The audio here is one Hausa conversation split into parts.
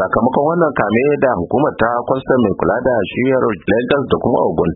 sakamakon wannan kame da hukumar ta kwastar mai kula da shiyar lagos da kuma ogun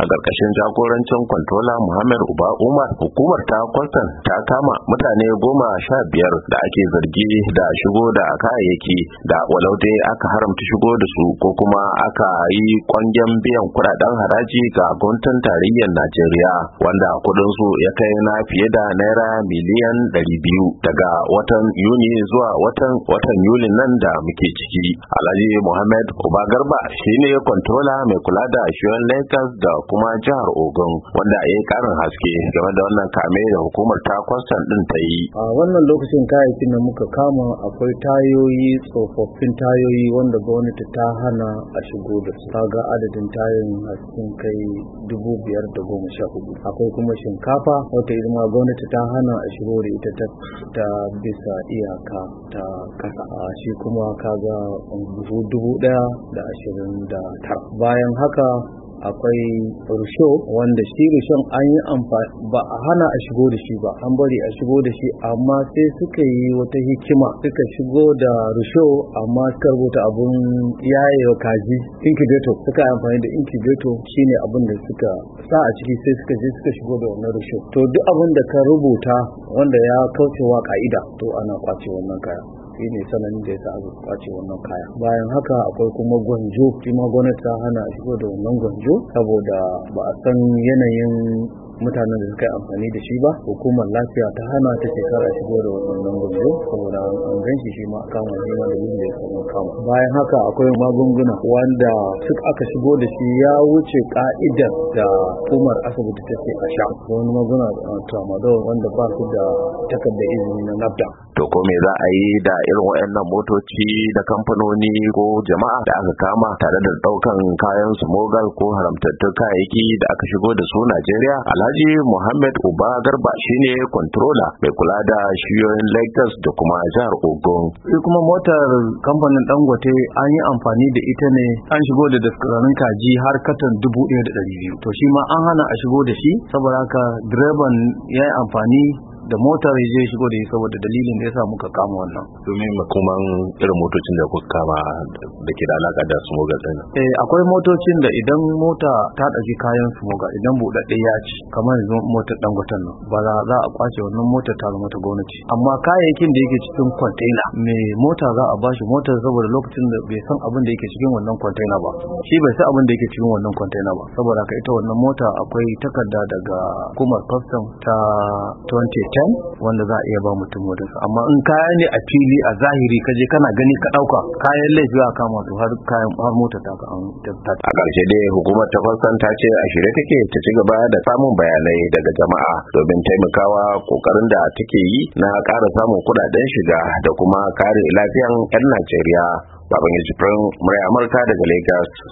a ƙarƙashin jagorancin kwantola muhammad uba umar hukumar ta kwastar ta kama mutane goma sha biyar da ake zargi da shigo da kayayyaki da walau aka haramta shigo da su ko kuma aka yi kwangen biyan kuɗaɗen haraji ga gwamnatin tarayyar najeriya wanda kuɗin su ya kai na fiye da naira miliyan ɗari biyu daga watan yuni zuwa watan watan yulin nan da muke ci ciki alhaji muhammad uba garba ne kontrola mai kula da shiyon lakers da kuma jihar ogun wanda ya yi karin haske game da wannan kame da hukumar ta kwastan din ta yi a wannan lokacin kayayyakin da muka kama akwai tayoyi tsofaffin tayoyi wanda gwamnati ta hana a shigo da su ga adadin tayoyin a kai dubu biyar da goma sha hudu akwai kuma shinkafa wata ma gwamnati ta hana a shigo da ita ta bisa iyaka ta kasa shi kuma kaga da dubu ɗaya da ashirin da ta bayan haka akwai rusho wanda shi rushon an yi amfani ba a hana a shigo da shi ba an bari a shigo da shi amma sai suka yi wata hikima suka shigo da rusho amma suka rubuta abun yayewa kaji incubator suka yi amfani da incubator shine abun da suka sa a ciki sai suka je suka shigo da wannan rusho to duk abun da ka rubuta wanda ya kaucewa ka'ida to ana kwace wannan kaya shi ne sananin da ya sa aka kwace wannan kaya bayan haka akwai kuma gwanjo shi ma gwamnati ta hana shigo da wannan gwanjo saboda ba a san yanayin mutanen da suka yi amfani da shi ba hukumar lafiya ta hana ta shekara shigo da wannan gwanzo saboda an gan shi shi ma a kama shi ma da yin da ya kama bayan haka akwai magunguna wanda duk aka shigo da shi ya wuce ka'idar da hukumar asibiti ta ce a sha wani magunguna tramadol wanda ba su da takardar izini na nafta. to ko me za a yi da irin waɗannan motoci da kamfanoni ko jama'a da aka kama tare da ɗaukan kayan su mogal ko haramtattun kayayyaki da aka shigo da su Najeriya alhaji Alhaji Muhammad Uba Garba shine controller mai kula da shiyoyin Lagos da kuma jihar Ogun. Sai kuma motar kamfanin Dangote an yi amfani da ita ne an shigo da daskararin kaji har katon dubu ɗaya da ɗari biyu. To shi ma an hana a shigo da shi saboda haka direban ya yi amfani da motar ya je shigo da shi saboda dalilin da ya sa muka kama wannan domin makoman irin motocin da kuka kama da ke da alaka da smoga din eh akwai motocin da idan mota ta ɗauki kayan smoga idan buɗaɗɗe ya ci kamar yanzu motar dangoten nan ba za a kwace wannan motar ta zama ta gwamnati amma kayayyakin da yake cikin kwantena Me mota za a bashi motar saboda lokacin da bai san abin da yake cikin wannan kwantena ba shi bai san abin da yake cikin wannan kwantena ba saboda ka ita wannan mota akwai takarda daga hukumar custom ta 20 10 wanda za a iya ba mutum wurin amma in kaya ne a fili a zahiri kaje kana gani ka dauka kayan laifi a kama su har kayan har mota ta ka an ta a karshe dai hukumar ta farkon ta ce a shirye take ta ci gaba da samun bayanai daga jama'a domin taimakawa kokarin da take yi na ƙara samun kuɗaɗen shiga da kuma kare lafiyan 'yan Najeriya. Babangiji Firin, Murai Amurka daga Lagos.